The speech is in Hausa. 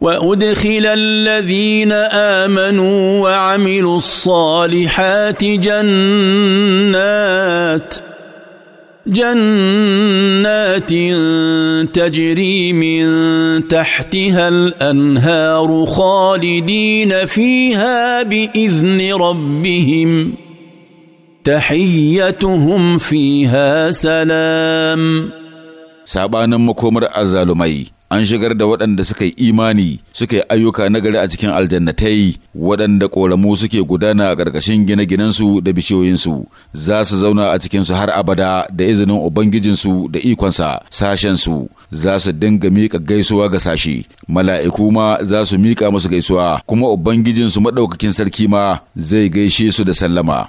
وادخل الذين امنوا وعملوا الصالحات جنات جنات تجري من تحتها الانهار خالدين فيها باذن ربهم تحيتهم فيها سلام سابانا مكومر مي an shigar da waɗanda suka yi imani suka yi ayyuka nagari a cikin aljannatai waɗanda ƙoramu suke gudana a ƙarƙashin gine-ginensu da bishiyoyinsu za su zauna a cikinsu har abada da izinin ubangijinsu da ikonsa sashensu za su dinga miƙa gaisuwa ga sashi mala'iku ma za su miƙa musu gaisuwa kuma ubangijinsu maɗaukakin sarki ma zai gaishe su da sallama